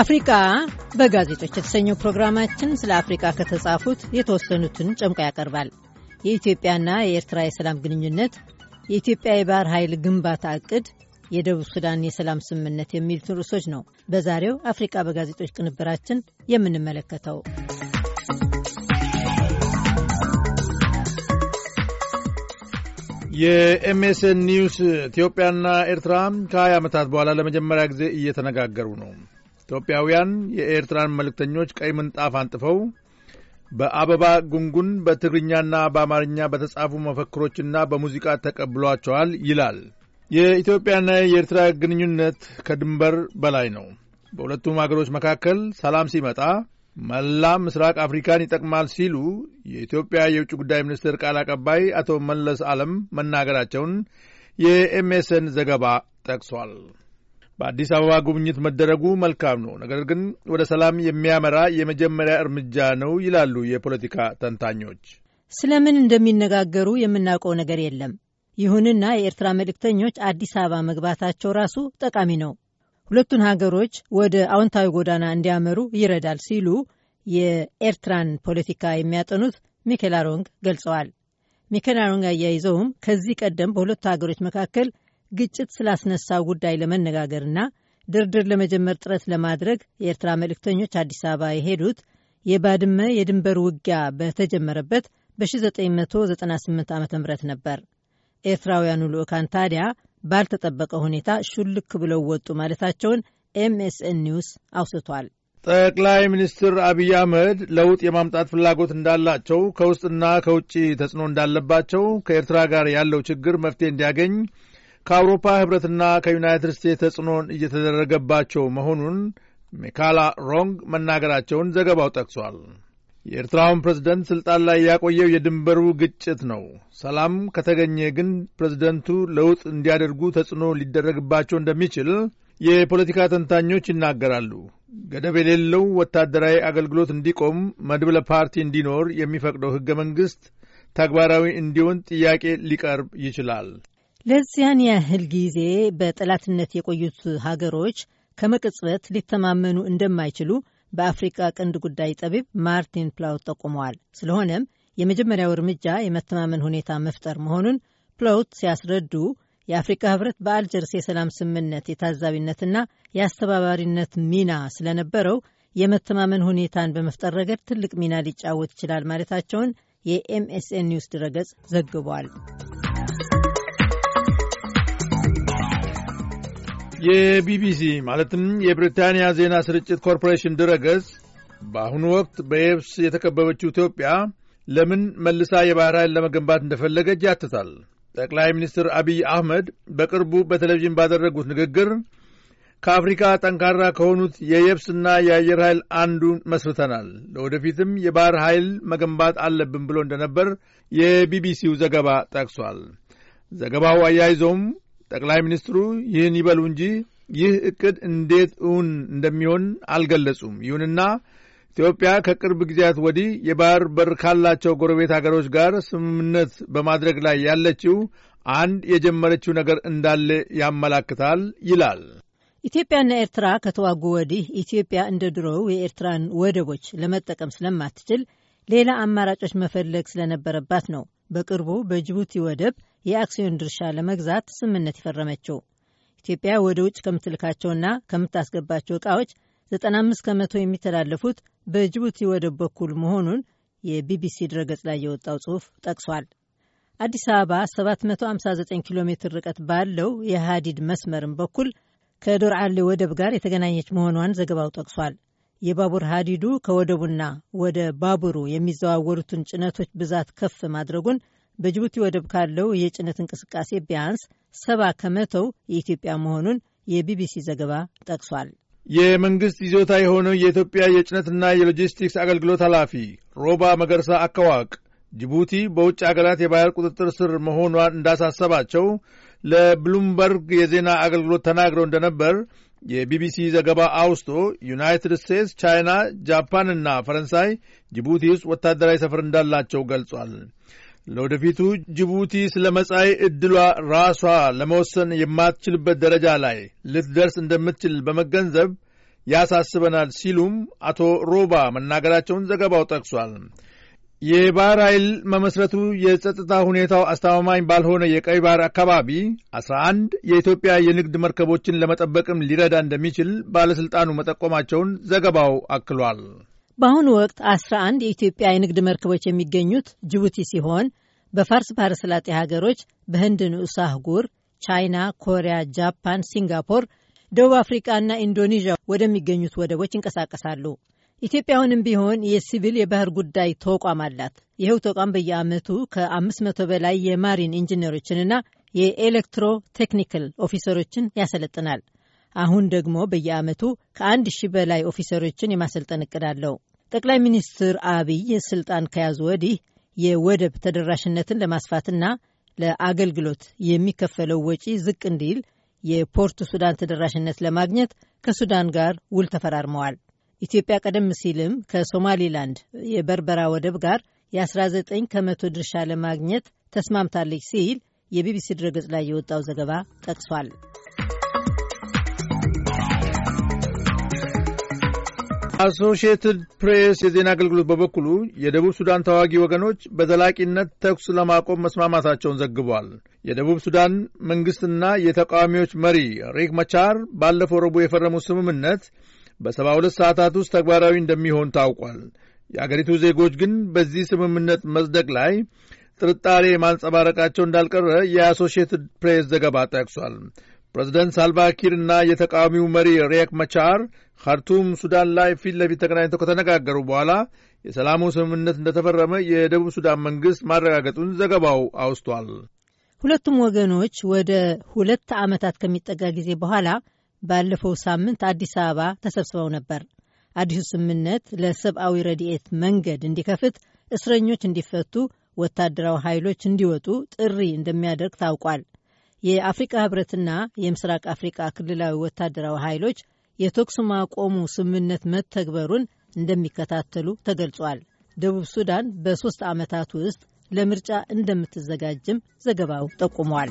አፍሪካ በጋዜጦች የተሰኘው ፕሮግራማችን ስለ አፍሪካ ከተጻፉት የተወሰኑትን ጨምቆ ያቀርባል። የኢትዮጵያና የኤርትራ የሰላም ግንኙነት፣ የኢትዮጵያ የባህር ኃይል ግንባታ እቅድ፣ የደቡብ ሱዳን የሰላም ስምምነት የሚሉትን ርዕሶች ነው በዛሬው አፍሪካ በጋዜጦች ቅንብራችን የምንመለከተው። የኤምኤስኤን ኒውስ ኢትዮጵያና ኤርትራ ከ20 ዓመታት በኋላ ለመጀመሪያ ጊዜ እየተነጋገሩ ነው። ኢትዮጵያውያን የኤርትራን መልእክተኞች ቀይ ምንጣፍ አንጥፈው በአበባ ጉንጉን በትግርኛና በአማርኛ በተጻፉ መፈክሮችና በሙዚቃ ተቀብሏቸዋል ይላል። የኢትዮጵያና የኤርትራ ግንኙነት ከድንበር በላይ ነው። በሁለቱም አገሮች መካከል ሰላም ሲመጣ መላ ምስራቅ አፍሪካን ይጠቅማል ሲሉ የኢትዮጵያ የውጭ ጉዳይ ሚኒስትር ቃል አቀባይ አቶ መለስ ዓለም መናገራቸውን የኤምኤስን ዘገባ ጠቅሷል። በአዲስ አበባ ጉብኝት መደረጉ መልካም ነው፣ ነገር ግን ወደ ሰላም የሚያመራ የመጀመሪያ እርምጃ ነው ይላሉ የፖለቲካ ተንታኞች። ስለምን እንደሚነጋገሩ የምናውቀው ነገር የለም። ይሁንና የኤርትራ መልእክተኞች አዲስ አበባ መግባታቸው ራሱ ጠቃሚ ነው፣ ሁለቱን ሀገሮች ወደ አዎንታዊ ጎዳና እንዲያመሩ ይረዳል ሲሉ የኤርትራን ፖለቲካ የሚያጠኑት ሚኬል አሮንግ ገልጸዋል። ሚኬል አሮንግ አያይዘውም ከዚህ ቀደም በሁለቱ ሀገሮች መካከል ግጭት ስላስነሳው ጉዳይ ለመነጋገርና ድርድር ለመጀመር ጥረት ለማድረግ የኤርትራ መልእክተኞች አዲስ አበባ የሄዱት የባድመ የድንበር ውጊያ በተጀመረበት በ1998 ዓ ም ነበር። ኤርትራውያኑ ልዑካን ታዲያ ባልተጠበቀ ሁኔታ ሹልክ ብለው ወጡ ማለታቸውን ኤምኤስኤን ኒውስ አውስቷል። ጠቅላይ ሚኒስትር አብይ አህመድ ለውጥ የማምጣት ፍላጎት እንዳላቸው ከውስጥና ከውጭ ተጽዕኖ እንዳለባቸው ከኤርትራ ጋር ያለው ችግር መፍትሄ እንዲያገኝ ከአውሮፓ ኅብረትና ከዩናይትድ ስቴትስ ተጽዕኖን እየተደረገባቸው መሆኑን ሚካላ ሮንግ መናገራቸውን ዘገባው ጠቅሷል። የኤርትራውን ፕሬዝደንት ሥልጣን ላይ ያቆየው የድንበሩ ግጭት ነው። ሰላም ከተገኘ ግን ፕሬዝደንቱ ለውጥ እንዲያደርጉ ተጽዕኖ ሊደረግባቸው እንደሚችል የፖለቲካ ተንታኞች ይናገራሉ። ገደብ የሌለው ወታደራዊ አገልግሎት እንዲቆም፣ መድብለ ፓርቲ እንዲኖር የሚፈቅደው ሕገ መንግሥት ተግባራዊ እንዲሆን ጥያቄ ሊቀርብ ይችላል። ለዚያን ያህል ጊዜ በጠላትነት የቆዩት ሀገሮች ከመቅጽበት ሊተማመኑ እንደማይችሉ በአፍሪቃ ቀንድ ጉዳይ ጠቢብ ማርቲን ፕላውት ጠቁመዋል። ስለሆነም የመጀመሪያው እርምጃ የመተማመን ሁኔታ መፍጠር መሆኑን ፕላውት ሲያስረዱ የአፍሪካ ህብረት በአልጀርስ የሰላም ስምምነት የታዛቢነትና የአስተባባሪነት ሚና ስለነበረው የመተማመን ሁኔታን በመፍጠር ረገድ ትልቅ ሚና ሊጫወት ይችላል ማለታቸውን የኤምኤስኤን ኒውስ ድረገጽ ዘግቧል። የቢቢሲ ማለትም የብሪታንያ ዜና ስርጭት ኮርፖሬሽን ድረገጽ በአሁኑ ወቅት በየብስ የተከበበችው ኢትዮጵያ ለምን መልሳ የባህር ኃይል ለመገንባት እንደፈለገች ያትታል። ጠቅላይ ሚኒስትር አብይ አህመድ በቅርቡ በቴሌቪዥን ባደረጉት ንግግር ከአፍሪካ ጠንካራ ከሆኑት የየብስና የአየር ኃይል አንዱ መስርተናል፣ ለወደፊትም የባህር ኃይል መገንባት አለብን ብሎ እንደነበር የቢቢሲው ዘገባ ጠቅሷል። ዘገባው አያይዞም ጠቅላይ ሚኒስትሩ ይህን ይበሉ እንጂ ይህ እቅድ እንዴት እውን እንደሚሆን አልገለጹም። ይሁንና ኢትዮጵያ ከቅርብ ጊዜያት ወዲህ የባህር በር ካላቸው ጎረቤት አገሮች ጋር ስምምነት በማድረግ ላይ ያለችው አንድ የጀመረችው ነገር እንዳለ ያመላክታል ይላል። ኢትዮጵያና ኤርትራ ከተዋጉ ወዲህ ኢትዮጵያ እንደ ድሮው የኤርትራን ወደቦች ለመጠቀም ስለማትችል ሌላ አማራጮች መፈለግ ስለነበረባት ነው በቅርቡ በጅቡቲ ወደብ የአክሲዮን ድርሻ ለመግዛት ስምምነት የፈረመችው። ኢትዮጵያ ወደ ውጭ ከምትልካቸውና ከምታስገባቸው እቃዎች 95 ከመቶ የሚተላለፉት በጅቡቲ ወደብ በኩል መሆኑን የቢቢሲ ድረገጽ ላይ የወጣው ጽሑፍ ጠቅሷል። አዲስ አበባ 759 ኪሎ ሜትር ርቀት ባለው የሃዲድ መስመርም በኩል ከዶር አሌ ወደብ ጋር የተገናኘች መሆኗን ዘገባው ጠቅሷል። የባቡር ሀዲዱ ከወደቡና ወደ ባቡሩ የሚዘዋወሩትን ጭነቶች ብዛት ከፍ ማድረጉን በጅቡቲ ወደብ ካለው የጭነት እንቅስቃሴ ቢያንስ ሰባ ከመቶው የኢትዮጵያ መሆኑን የቢቢሲ ዘገባ ጠቅሷል። የመንግሥት ይዞታ የሆነው የኢትዮጵያ የጭነትና የሎጂስቲክስ አገልግሎት ኃላፊ ሮባ መገርሳ አከዋቅ ጅቡቲ በውጭ አገራት የባህር ቁጥጥር ስር መሆኗን እንዳሳሰባቸው ለብሉምበርግ የዜና አገልግሎት ተናግረው እንደነበር የቢቢሲ ዘገባ አውስቶ ዩናይትድ ስቴትስ፣ ቻይና፣ ጃፓንና ፈረንሳይ ጅቡቲ ውስጥ ወታደራዊ ሰፈር እንዳላቸው ገልጿል። ለወደፊቱ ጅቡቲ ስለ መጻኢ ዕድሏ ራሷ ለመወሰን የማትችልበት ደረጃ ላይ ልትደርስ እንደምትችል በመገንዘብ ያሳስበናል ሲሉም አቶ ሮባ መናገራቸውን ዘገባው ጠቅሷል። የባህር ኃይል መመስረቱ የጸጥታ ሁኔታው አስተማማኝ ባልሆነ የቀይ ባህር አካባቢ 11 የኢትዮጵያ የንግድ መርከቦችን ለመጠበቅም ሊረዳ እንደሚችል ባለሥልጣኑ መጠቆማቸውን ዘገባው አክሏል። በአሁኑ ወቅት 11 የኢትዮጵያ የንግድ መርከቦች የሚገኙት ጅቡቲ ሲሆን በፋርስ ባህረ ሰላጤ ሀገሮች፣ በህንድ ንዑስ አህጉር፣ ቻይና፣ ኮሪያ፣ ጃፓን፣ ሲንጋፖር፣ ደቡብ አፍሪቃና ኢንዶኔዥያ ወደሚገኙት ወደቦች ይንቀሳቀሳሉ። ኢትዮጵያውንም ቢሆን የሲቪል የባህር ጉዳይ ተቋም አላት። ይኸው ተቋም በየዓመቱ ከ500 በላይ የማሪን ኢንጂነሮችንና የኤሌክትሮ ቴክኒካል ኦፊሰሮችን ያሰለጥናል። አሁን ደግሞ በየዓመቱ ከአንድ ሺህ በላይ ኦፊሰሮችን የማሰልጠን እቅድ አለው። ጠቅላይ ሚኒስትር አብይ ስልጣን ከያዙ ወዲህ የወደብ ተደራሽነትን ለማስፋትና ለአገልግሎት የሚከፈለው ወጪ ዝቅ እንዲል የፖርቱ ሱዳን ተደራሽነት ለማግኘት ከሱዳን ጋር ውል ተፈራርመዋል። ኢትዮጵያ ቀደም ሲልም ከሶማሊላንድ የበርበራ ወደብ ጋር የ19 ከመቶ ድርሻ ለማግኘት ተስማምታለች ሲል የቢቢሲ ድረገጽ ላይ የወጣው ዘገባ ጠቅሷል። አሶሺየትድ ፕሬስ የዜና አገልግሎት በበኩሉ የደቡብ ሱዳን ተዋጊ ወገኖች በዘላቂነት ተኩስ ለማቆም መስማማታቸውን ዘግቧል። የደቡብ ሱዳን መንግሥትና የተቃዋሚዎች መሪ ሪክ መቻር ባለፈው ረቡዕ የፈረሙት ስምምነት በሰባ ሁለት ሰዓታት ውስጥ ተግባራዊ እንደሚሆን ታውቋል። የአገሪቱ ዜጎች ግን በዚህ ስምምነት መጽደቅ ላይ ጥርጣሬ ማንጸባረቃቸው እንዳልቀረ የአሶሺየትድ ፕሬስ ዘገባ ጠቅሷል። ፕሬዚደንት ሳልቫኪር እና የተቃዋሚው መሪ ሪየክ መቻር ካርቱም ሱዳን ላይ ፊት ለፊት ተገናኝተው ከተነጋገሩ በኋላ የሰላሙ ስምምነት እንደተፈረመ የደቡብ ሱዳን መንግሥት ማረጋገጡን ዘገባው አውስቷል። ሁለቱም ወገኖች ወደ ሁለት ዓመታት ከሚጠጋ ጊዜ በኋላ ባለፈው ሳምንት አዲስ አበባ ተሰብስበው ነበር። አዲሱ ስምምነት ለሰብአዊ ረድኤት መንገድ እንዲከፍት፣ እስረኞች እንዲፈቱ፣ ወታደራዊ ኃይሎች እንዲወጡ ጥሪ እንደሚያደርግ ታውቋል። የአፍሪቃ ህብረትና የምስራቅ አፍሪቃ ክልላዊ ወታደራዊ ኃይሎች የተኩስ ማቆሙ ስምምነት መተግበሩን እንደሚከታተሉ ተገልጿል። ደቡብ ሱዳን በሦስት ዓመታት ውስጥ ለምርጫ እንደምትዘጋጅም ዘገባው ጠቁሟል።